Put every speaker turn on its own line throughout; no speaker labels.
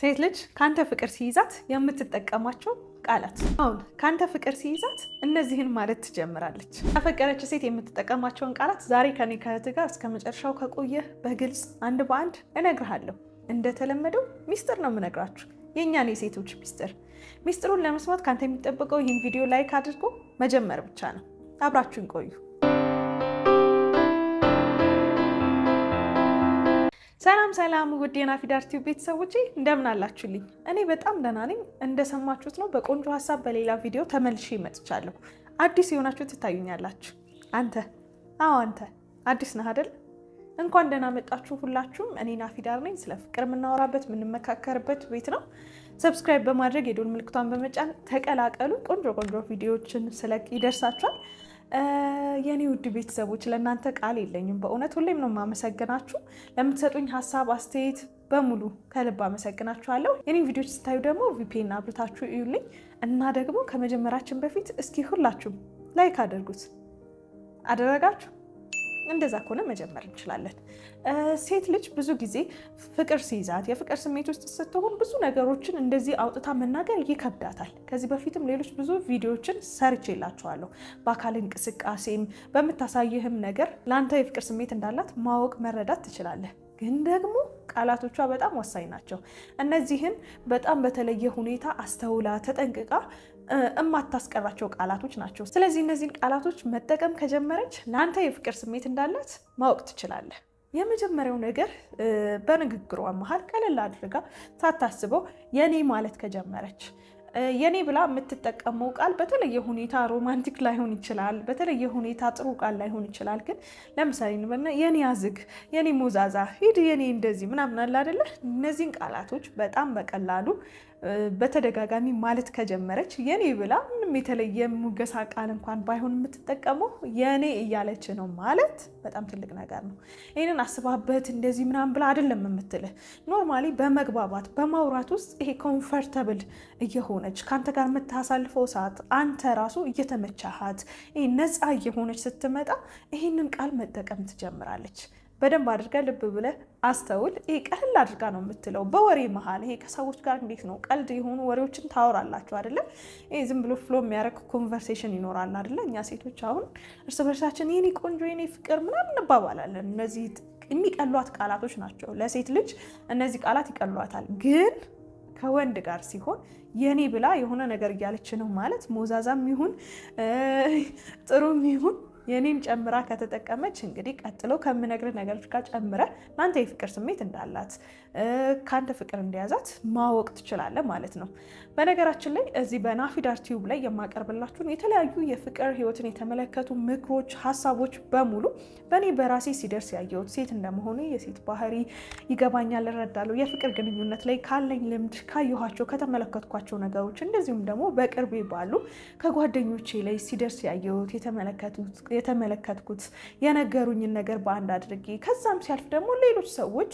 ሴት ልጅ ከአንተ ፍቅር ሲይዛት የምትጠቀማቸው ቃላት። አሁን ከአንተ ፍቅር ሲይዛት እነዚህን ማለት ትጀምራለች። ያፈቀረች ሴት የምትጠቀማቸውን ቃላት ዛሬ ከኔ ከእህት ጋር እስከ መጨረሻው ከቆየህ በግልጽ አንድ በአንድ እነግርሃለሁ። እንደተለመደው ሚስጥር ነው የምነግራችሁ፣ የእኛን የሴቶች ሚስጥር። ሚስጥሩን ለመስማት ከአንተ የሚጠበቀው ይህን ቪዲዮ ላይክ አድርጎ መጀመር ብቻ ነው። አብራችሁን ቆዩ። ሰላም ሰላም ውድ የናፊዳር ቲዩብ ቤተሰቦች እንደምን አላችሁልኝ? እኔ በጣም ደህና ነኝ። እንደሰማችሁት ነው በቆንጆ ሀሳብ በሌላ ቪዲዮ ተመልሼ መጥቻለሁ። አዲስ የሆናችሁ ትታዩኛላችሁ። አንተ አዎ፣ አንተ አዲስ ነህ አደል? እንኳን ደህና መጣችሁ ሁላችሁም። እኔ ናፊዳር ነኝ። ስለ ፍቅር የምናወራበት የምንመካከርበት ቤት ነው። ሰብስክራይብ በማድረግ የዶል ምልክቷን በመጫን ተቀላቀሉ። ቆንጆ ቆንጆ ቪዲዮዎችን ስለቅ ይደርሳችኋል። የኔ ውድ ቤተሰቦች ለእናንተ ቃል የለኝም። በእውነት ሁሌም ነው የማመሰግናችሁ ለምትሰጡኝ ሀሳብ አስተያየት በሙሉ ከልብ አመሰግናችኋለሁ። የኔ ቪዲዮች ስታዩ ደግሞ ቪፒኤን አብርታችሁ እዩልኝ እና ደግሞ ከመጀመራችን በፊት እስኪ ሁላችሁም ላይክ አድርጉት። አደረጋችሁ? እንደዛ ከሆነ መጀመር እንችላለን። ሴት ልጅ ብዙ ጊዜ ፍቅር ሲይዛት የፍቅር ስሜት ውስጥ ስትሆን ብዙ ነገሮችን እንደዚህ አውጥታ መናገር ይከብዳታል። ከዚህ በፊትም ሌሎች ብዙ ቪዲዮዎችን ሰርቼላችኋለሁ። በአካል እንቅስቃሴም በምታሳይህም ነገር ለአንተ የፍቅር ስሜት እንዳላት ማወቅ መረዳት ትችላለህ። ግን ደግሞ ቃላቶቿ በጣም ወሳኝ ናቸው። እነዚህን በጣም በተለየ ሁኔታ አስተውላ ተጠንቅቃ እማታስቀራቸው ቃላቶች ናቸው። ስለዚህ እነዚህን ቃላቶች መጠቀም ከጀመረች ለአንተ የፍቅር ስሜት እንዳላት ማወቅ ትችላለህ። የመጀመሪያው ነገር በንግግሯ መሀል ቀለል አድርጋ ሳታስበው የኔ ማለት ከጀመረች የኔ ብላ የምትጠቀመው ቃል በተለየ ሁኔታ ሮማንቲክ ላይሆን ይችላል። በተለየ ሁኔታ ጥሩ ቃል ላይሆን ይችላል። ግን ለምሳሌ ንበልና የኔ አዝግ፣ የኔ ሞዛዛ፣ ሂድ፣ የኔ እንደዚህ ምናምን አለ አደለ። እነዚህን ቃላቶች በጣም በቀላሉ በተደጋጋሚ ማለት ከጀመረች የኔ ብላ ምንም የተለየ ሙገሳ ቃል እንኳን ባይሆን የምትጠቀመው የኔ እያለች ነው ማለት በጣም ትልቅ ነገር ነው። ይህንን አስባበት እንደዚህ ምናምን ብላ አይደለም የምትልህ። ኖርማሊ በመግባባት በማውራት ውስጥ ይሄ ኮንፈርተብል እየሆነች ከአንተ ጋር የምታሳልፈው ሰዓት አንተ ራሱ እየተመቻሃት ነፃ እየሆነች ስትመጣ ይህንን ቃል መጠቀም ትጀምራለች። በደንብ አድርገህ ልብ ብለህ አስተውል። ይሄ ቀለል አድርጋ ነው የምትለው በወሬ መሀል። ይሄ ከሰዎች ጋር እንዴት ነው ቀልድ የሆኑ ወሬዎችን ታወራላችሁ አይደለም። ይሄ ዝም ብሎ ፍሎ የሚያደርግ ኮንቨርሴሽን ይኖራል አይደለ? እኛ ሴቶች አሁን እርስ በርሳችን የኔ ቆንጆ የኔ ፍቅር ምናምን እንባባላለን። እነዚህ የሚቀሏት ቃላቶች ናቸው። ለሴት ልጅ እነዚህ ቃላት ይቀሏታል። ግን ከወንድ ጋር ሲሆን የኔ ብላ የሆነ ነገር እያለች ነው ማለት ሞዛዛም ይሁን ጥሩም ይሁን የኔን ጨምራ ከተጠቀመች እንግዲህ ቀጥሎ ከምነግር ነገሮች ጋር ጨምረ ለአንተ የፍቅር ስሜት እንዳላት ከአንተ ፍቅር እንደያዛት ማወቅ ትችላለህ ማለት ነው። በነገራችን ላይ እዚህ በናፊዳር ቲዩብ ላይ የማቀርብላችሁን የተለያዩ የፍቅር ህይወትን የተመለከቱ ምክሮች፣ ሀሳቦች በሙሉ በእኔ በራሴ ሲደርስ ያየሁት ሴት እንደመሆኑ የሴት ባህሪ ይገባኛል፣ እረዳለሁ። የፍቅር ግንኙነት ላይ ካለኝ ልምድ ካየኋቸው ከተመለከትኳቸው ነገሮች እንደዚሁም ደግሞ በቅርቤ ባሉ ከጓደኞቼ ላይ ሲደርስ ያየሁት የተመለከቱት የተመለከትኩት የነገሩኝን ነገር በአንድ አድርጌ ከዛም ሲያልፍ ደግሞ ሌሎች ሰዎች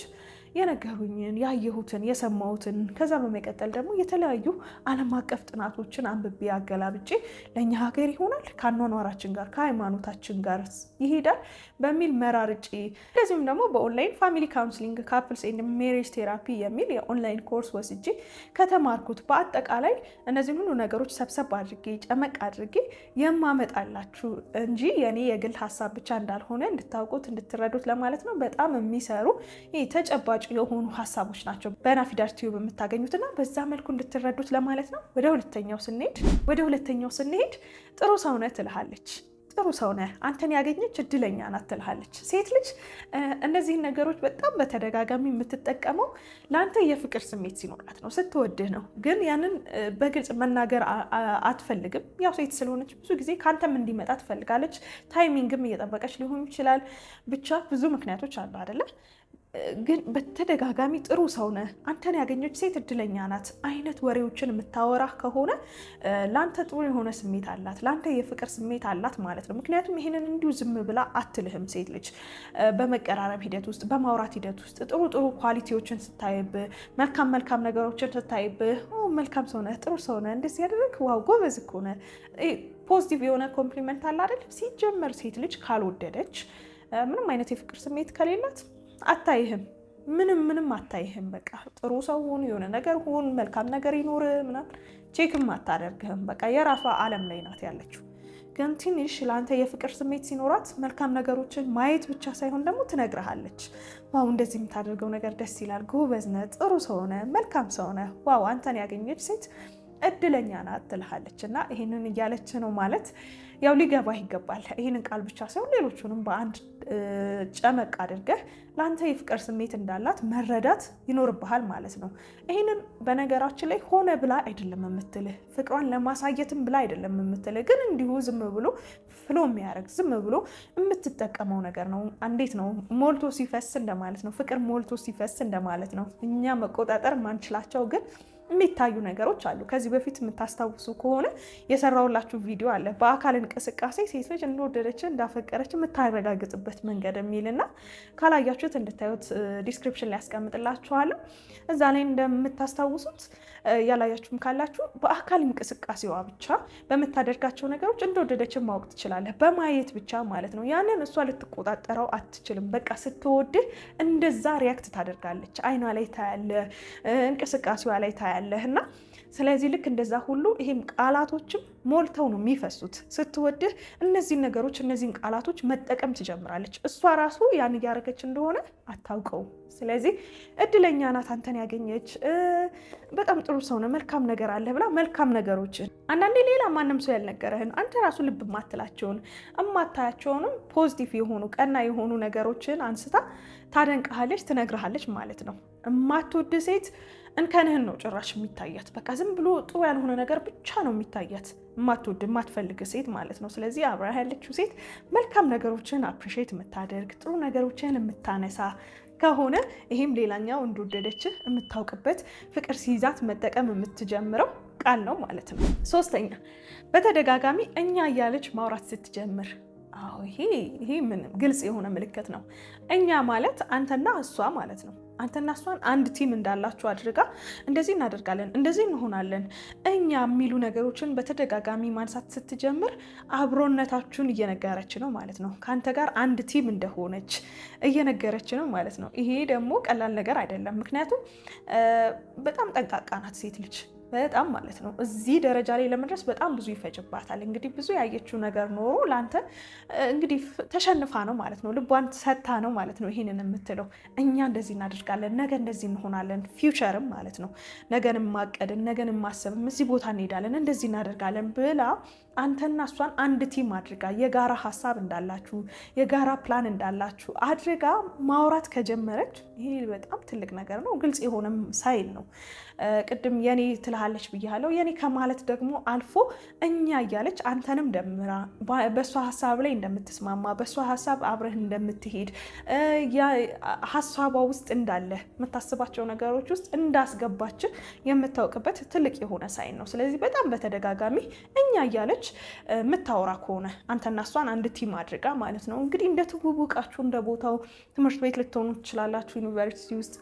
የነገሩኝን፣ ያየሁትን፣ የሰማሁትን ከዛ በመቀጠል ደግሞ የተለያዩ ዓለም አቀፍ ጥናቶችን አንብቤ አገላብጬ ለእኛ ሀገር ይሆናል ከአኗኗራችን ጋር ከሃይማኖታችን ጋር ይሄዳል በሚል መራርጬ እንደዚሁም ደግሞ በኦንላይን ፋሚሊ ካውንስሊንግ ካፕልስ ኤንድ ሜሬጅ ቴራፒ የሚል የኦንላይን ኮርስ ወስጄ ከተማርኩት በአጠቃላይ እነዚህን ሁሉ ነገሮች ሰብሰብ አድርጌ ጨመቅ አድርጌ የማመጣላችሁ እንጂ የኔ የግል ሀሳብ ብቻ እንዳልሆነ እንድታውቁት እንድትረዱት ለማለት ነው። በጣም የሚሰሩ ተጨባጭ ተጨባጭ የሆኑ ሀሳቦች ናቸው በናፊዳር ቲዩብ የምታገኙትና በዛ መልኩ እንድትረዱት ለማለት ነው። ወደ ሁለተኛው ስንሄድ ወደ ሁለተኛው ስንሄድ ጥሩ ሰው ነህ ትልሃለች። ጥሩ ሰው ነህ፣ አንተን ያገኘች እድለኛ ናት ትልሃለች። ሴት ልጅ እነዚህን ነገሮች በጣም በተደጋጋሚ የምትጠቀመው ለአንተ የፍቅር ስሜት ሲኖራት ነው፣ ስትወድህ ነው። ግን ያንን በግልጽ መናገር አትፈልግም። ያው ሴት ስለሆነች ብዙ ጊዜ ከአንተም እንዲመጣ ትፈልጋለች። ታይሚንግም እየጠበቀች ሊሆን ይችላል። ብቻ ብዙ ምክንያቶች አሉ አይደለም ግን በተደጋጋሚ ጥሩ ሰው ነህ፣ አንተን ያገኘች ሴት እድለኛ ናት አይነት ወሬዎችን የምታወራህ ከሆነ ለአንተ ጥሩ የሆነ ስሜት አላት፣ ለአንተ የፍቅር ስሜት አላት ማለት ነው። ምክንያቱም ይህንን እንዲሁ ዝም ብላ አትልህም። ሴት ልጅ በመቀራረብ ሂደት ውስጥ፣ በማውራት ሂደት ውስጥ ጥሩ ጥሩ ኳሊቲዎችን ስታይብህ፣ መልካም መልካም ነገሮችን ስታይብህ፣ መልካም ሰው ነህ፣ ጥሩ ሰው ነህ፣ እንደዚህ ያደረግ ዋው ጎበዝ እኮ ነህ፣ ፖዚቲቭ የሆነ ኮምፕሊመንት አለ አይደለም። ሲጀመር ሴት ልጅ ካልወደደች ምንም አይነት የፍቅር ስሜት ከሌላት አታይህም ምንም ምንም አታይህም። በቃ ጥሩ ሰውን የሆነ ነገር ሁን መልካም ነገር ይኖር ምናምን ቼክም አታደርግህም። በቃ የራሷ አለም ላይ ናት ያለችው። ግን ትንሽ ለአንተ የፍቅር ስሜት ሲኖራት መልካም ነገሮችን ማየት ብቻ ሳይሆን ደግሞ ትነግረሃለች። ዋው እንደዚህ የምታደርገው ነገር ደስ ይላል፣ ጎበዝ ነህ፣ ጥሩ ሰው ነህ፣ መልካም ሰው ነህ፣ ዋው አንተን ያገኘች ሴት እድለኛ ናት ትልሃለች። እና ይህንን እያለች ነው ማለት ያው ሊገባ ይገባል። ይህንን ቃል ብቻ ሳይሆን ሌሎቹንም በአንድ ጨመቅ አድርገህ ለአንተ የፍቅር ስሜት እንዳላት መረዳት ይኖርብሃል ማለት ነው። ይህንን በነገራችን ላይ ሆነ ብላ አይደለም የምትልህ፣ ፍቅሯን ለማሳየትም ብላ አይደለም የምትልህ። ግን እንዲሁ ዝም ብሎ ፍሎ የሚያደርግ ዝም ብሎ የምትጠቀመው ነገር ነው። እንዴት ነው ሞልቶ ሲፈስ እንደማለት ነው። ፍቅር ሞልቶ ሲፈስ እንደማለት ነው። እኛ መቆጣጠር ማንችላቸው ግን የሚታዩ ነገሮች አሉ። ከዚህ በፊት የምታስታውሱ ከሆነ የሰራውላችሁ ቪዲዮ አለ። በአካል እንቅስቃሴ ሴት ልጅ እንደወደደች እንዳፈቀረች የምታረጋግጥበት መንገድ የሚልና ካላያችሁት እንድታዩት ዲስክሪፕሽን ሊያስቀምጥላችኋለሁ። እዛ ላይ እንደምታስታውሱት ያላያችሁም ካላችሁ በአካል እንቅስቃሴዋ ብቻ በምታደርጋቸው ነገሮች እንደወደደችን ማወቅ ትችላለህ። በማየት ብቻ ማለት ነው። ያንን እሷ ልትቆጣጠረው አትችልም። በቃ ስትወድህ እንደዛ ሪያክት ታደርጋለች። አይኗ ላይ ታያለ፣ እንቅስቃሴዋ ላይ ታያለ ታያለህ እና ስለዚህ ልክ እንደዛ ሁሉ ይሄም ቃላቶችም ሞልተው ነው የሚፈሱት። ስትወድህ እነዚህን ነገሮች እነዚህን ቃላቶች መጠቀም ትጀምራለች። እሷ ራሱ ያን እያደረገች እንደሆነ አታውቀውም። ስለዚህ እድለኛ ናት አንተን ያገኘች፣ በጣም ጥሩ ሰው ነው፣ መልካም ነገር አለ ብላ መልካም ነገሮችን አንዳንዴ ሌላ ማንም ሰው ያልነገረህን አንተ ራሱ ልብ የማትላቸውን እማታያቸውንም ፖዚቲቭ የሆኑ ቀና የሆኑ ነገሮችን አንስታ ታደንቅሃለች፣ ትነግርሃለች ማለት ነው። እማትወድ ሴት እንከንህን ነው ጭራሽ የሚታያት። በቃ ዝም ብሎ ጥሩ ያልሆነ ነገር ብቻ ነው የሚታያት፣ እማትወድ የማትፈልግ ሴት ማለት ነው። ስለዚህ አብራ ያለችው ሴት መልካም ነገሮችን አፕሪሼት የምታደርግ ጥሩ ነገሮችን የምታነሳ ከሆነ ይሄም ሌላኛው እንደወደደችህ የምታውቅበት ፍቅር ሲይዛት መጠቀም የምትጀምረው ቃል ነው ማለት ነው። ሶስተኛ በተደጋጋሚ እኛ እያለች ማውራት ስትጀምር፣ አዎ ይሄ ይሄ ግልጽ የሆነ ምልክት ነው። እኛ ማለት አንተና እሷ ማለት ነው። አንተና እሷን አንድ ቲም እንዳላችሁ አድርጋ እንደዚህ እናደርጋለን፣ እንደዚህ እንሆናለን፣ እኛ የሚሉ ነገሮችን በተደጋጋሚ ማንሳት ስትጀምር አብሮነታችሁን እየነገረች ነው ማለት ነው። ከአንተ ጋር አንድ ቲም እንደሆነች እየነገረች ነው ማለት ነው። ይሄ ደግሞ ቀላል ነገር አይደለም። ምክንያቱም በጣም ጠንቃቃ ናት ሴት ልጅ በጣም ማለት ነው። እዚህ ደረጃ ላይ ለመድረስ በጣም ብዙ ይፈጅባታል። እንግዲህ ብዙ ያየችው ነገር ኖሮ ለአንተ እንግዲህ ተሸንፋ ነው ማለት ነው። ልቧን ሰታ ነው ማለት ነው። ይህንን የምትለው እኛ እንደዚህ እናደርጋለን፣ ነገ እንደዚህ እንሆናለን፣ ፊውቸርም ማለት ነው። ነገን ማቀድን፣ ነገን ማሰብም እዚህ ቦታ እንሄዳለን፣ እንደዚህ እናደርጋለን ብላ አንተና እሷን አንድ ቲም አድርጋ የጋራ ሀሳብ እንዳላችሁ የጋራ ፕላን እንዳላችሁ አድርጋ ማውራት ከጀመረች ይሄ በጣም ትልቅ ነገር ነው። ግልጽ የሆነም ሳይል ነው። ቅድም የኔ ትልሃለች ብያለው። የኔ ከማለት ደግሞ አልፎ እኛ እያለች አንተንም ደምራ በእሷ ሀሳብ ላይ እንደምትስማማ በእሷ ሀሳብ አብረህ እንደምትሄድ ሀሳቧ ውስጥ እንዳለ የምታስባቸው ነገሮች ውስጥ እንዳስገባችን የምታውቅበት ትልቅ የሆነ ሳይል ነው። ስለዚህ በጣም በተደጋጋሚ እኛ እያለች እያለች የምታወራ ከሆነ አንተና እሷን አንድ ቲም አድርጋ ማለት ነው እንግዲህ እንደ ትውውቃችሁ እንደ ቦታው ትምህርት ቤት ልትሆኑ ትችላላችሁ፣ ዩኒቨርሲቲ ውስጥ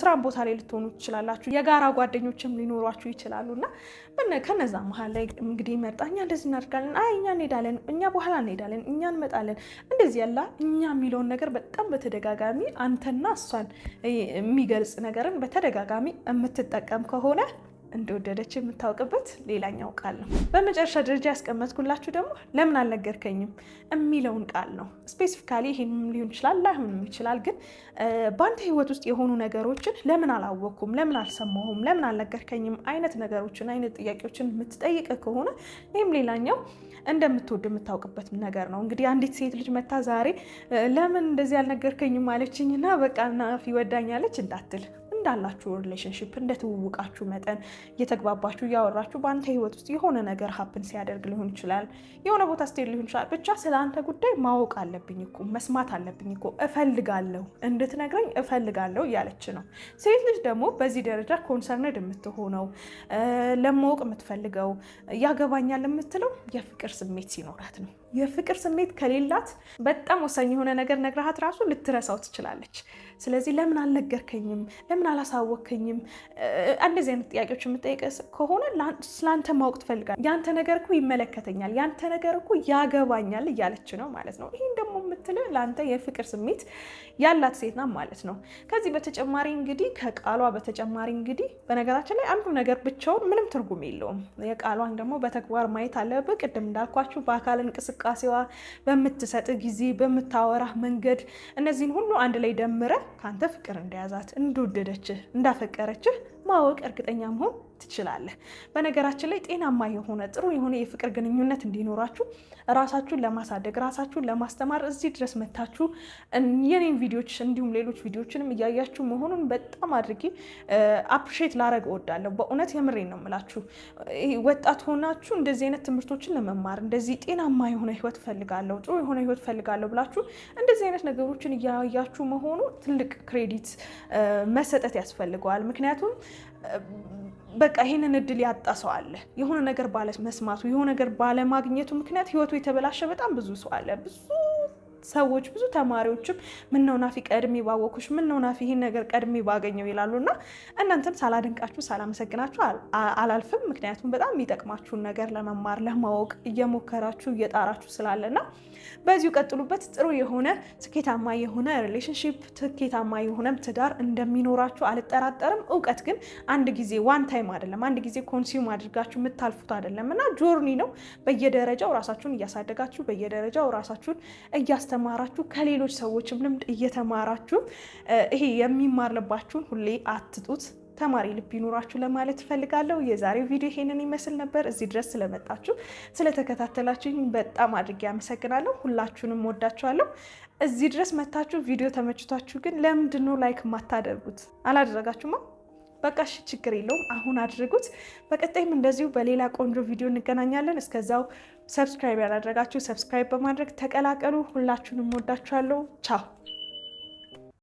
ስራ ቦታ ላይ ልትሆኑ ትችላላችሁ፣ የጋራ ጓደኞችም ሊኖሯችሁ ይችላሉ። እና ከነዛ መሀል ላይ እንግዲህ መርጣ እኛ እንደዚህ እናድርጋለን፣ አይ እኛ እንሄዳለን፣ እኛ በኋላ እንሄዳለን፣ እኛ እንመጣለን፣ እንደዚህ ያላ እኛ የሚለውን ነገር በጣም በተደጋጋሚ አንተና እሷን የሚገልጽ ነገርን በተደጋጋሚ የምትጠቀም ከሆነ እንደወደደች የምታውቅበት ሌላኛው ቃል ነው። በመጨረሻ ደረጃ ያስቀመጥኩላችሁ ደግሞ ለምን አልነገርከኝም የሚለውን ቃል ነው። ስፔሲፊካሊ ይህንም ሊሆን ይችላል ላይሆንም ይችላል። ግን በአንድ ህይወት ውስጥ የሆኑ ነገሮችን ለምን አላወቅኩም፣ ለምን አልሰማሁም፣ ለምን አልነገርከኝም አይነት ነገሮችን አይነት ጥያቄዎችን የምትጠይቅ ከሆነ ይህም ሌላኛው እንደምትወድ የምታውቅበት ነገር ነው። እንግዲህ አንዲት ሴት ልጅ መታ ዛሬ ለምን እንደዚህ አልነገርከኝም አለችኝና በቃ ናፊ ወዳኛለች እንዳትል እንዳላችሁ ሪሌሽንሽፕ እንደትውውቃችሁ መጠን እየተግባባችሁ እያወራችሁ በአንተ ህይወት ውስጥ የሆነ ነገር ሀፕን ሲያደርግ ሊሆን ይችላል፣ የሆነ ቦታ ስትሄድ ሊሆን ይችላል። ብቻ ስለ አንተ ጉዳይ ማወቅ አለብኝ እኮ መስማት አለብኝ እኮ እፈልጋለሁ፣ እንድትነግረኝ እፈልጋለሁ እያለች ነው። ሴት ልጅ ደግሞ በዚህ ደረጃ ኮንሰርንድ የምትሆነው ለማወቅ የምትፈልገው ያገባኛል የምትለው የፍቅር ስሜት ሲኖራት ነው። የፍቅር ስሜት ከሌላት በጣም ወሳኝ የሆነ ነገር ነግረሃት ራሱ ልትረሳው ትችላለች። ስለዚህ ለምን አልነገርከኝም፣ ለምን አላሳወክኝም እንደዚህ አይነት ጥያቄዎች የምጠይቀ ከሆነ ስለአንተ ማወቅ ትፈልጋለህ። ያንተ ነገር እኮ ይመለከተኛል፣ ያንተ ነገር እኮ ያገባኛል እያለች ነው ማለት ነው። ይህን ደግሞ የምትል ለአንተ የፍቅር ስሜት ያላት ሴት ናት ማለት ነው። ከዚህ በተጨማሪ እንግዲህ ከቃሏ በተጨማሪ እንግዲህ በነገራችን ላይ አንዱ ነገር ብቻውን ምንም ትርጉም የለውም። የቃሏን ደግሞ በተግባር ማየት አለብህ። ቅድም እንዳልኳችሁ በአካል እንቅስቃሴዋ፣ በምትሰጥ ጊዜ፣ በምታወራ መንገድ እነዚህን ሁሉ አንድ ላይ ደምረህ ከአንተ ፍቅር እንደያዛት እንደወደደችህ እንዳፈቀረችህ ማወቅ እርግጠኛ መሆን ትችላለህ። በነገራችን ላይ ጤናማ የሆነ ጥሩ የሆነ የፍቅር ግንኙነት እንዲኖራችሁ ራሳችሁን ለማሳደግ ራሳችሁን ለማስተማር እዚህ ድረስ መታችሁ የኔን ቪዲዮች እንዲሁም ሌሎች ቪዲዮችንም እያያችሁ መሆኑን በጣም አድርጌ አፕሪሼት ላረግ እወዳለሁ። በእውነት የምሬን ነው የምላችሁ። ወጣት ሆናችሁ እንደዚህ አይነት ትምህርቶችን ለመማር እንደዚህ ጤናማ የሆነ ህይወት ፈልጋለሁ፣ ጥሩ የሆነ ህይወት ፈልጋለሁ ብላችሁ እንደዚህ አይነት ነገሮችን እያያችሁ መሆኑ ትልቅ ክሬዲት መሰጠት ያስፈልገዋል። ምክንያቱም በቃ ይሄንን እድል ያጣ ሰው አለ። የሆነ ነገር ባለመስማቱ የሆነ ነገር ባለማግኘቱ ምክንያት ህይወቱ የተበላሸ በጣም ብዙ ሰው አለ ብዙ ሰዎች ብዙ ተማሪዎችም ምን ነው ናፊ ቀድሜ ባወኩሽ፣ ምን ነው ናፊ ይህን ነገር ቀድሜ ባገኘው ይላሉ። እና እናንተም ሳላደንቃችሁ ሳላመሰግናችሁ አላልፍም። ምክንያቱም በጣም የሚጠቅማችሁን ነገር ለመማር ለማወቅ እየሞከራችሁ እየጣራችሁ ስላለና በዚሁ ቀጥሉበት። ጥሩ የሆነ ስኬታማ የሆነ ሪሌሽንሽፕ፣ ስኬታማ የሆነ ትዳር እንደሚኖራችሁ አልጠራጠርም። እውቀት ግን አንድ ጊዜ ዋን ታይም አይደለም፣ አንድ ጊዜ ኮንሱም አድርጋችሁ የምታልፉት አይደለም እና ጆርኒ ነው። በየደረጃው ራሳችሁን እያሳደጋችሁ በየደረጃው ራሳችሁን እያስ እያስተማራችሁ ከሌሎች ሰዎችም ልምድ እየተማራችሁ ይሄ የሚማርልባችሁን ሁሌ አትጡት። ተማሪ ልብ ይኑራችሁ ለማለት እፈልጋለሁ። የዛሬው ቪዲዮ ይሄንን ይመስል ነበር። እዚህ ድረስ ስለመጣችሁ ስለተከታተላችሁኝ በጣም አድርጌ አመሰግናለሁ። ሁላችሁንም ወዳችኋለሁ። እዚህ ድረስ መታችሁ ቪዲዮ ተመችቷችሁ ግን ለምንድን ነው ላይክ ማታደርጉት? አላደረጋችሁማ? በቃ እሺ፣ ችግር የለውም። አሁን አድርጉት። በቀጣይም እንደዚሁ በሌላ ቆንጆ ቪዲዮ እንገናኛለን። እስከዛው ሰብስክራይብ ያላደረጋችሁ ሰብስክራይብ በማድረግ ተቀላቀሉ። ሁላችሁንም ወዳችኋለሁ። ቻው